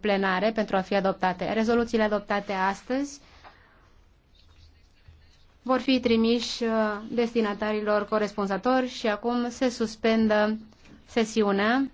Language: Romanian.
plenare pentru a fi adoptate. Rezoluțiile adoptate astăzi vor fi trimiși uh, destinatarilor corespunzători și acum se suspendă sesiunea.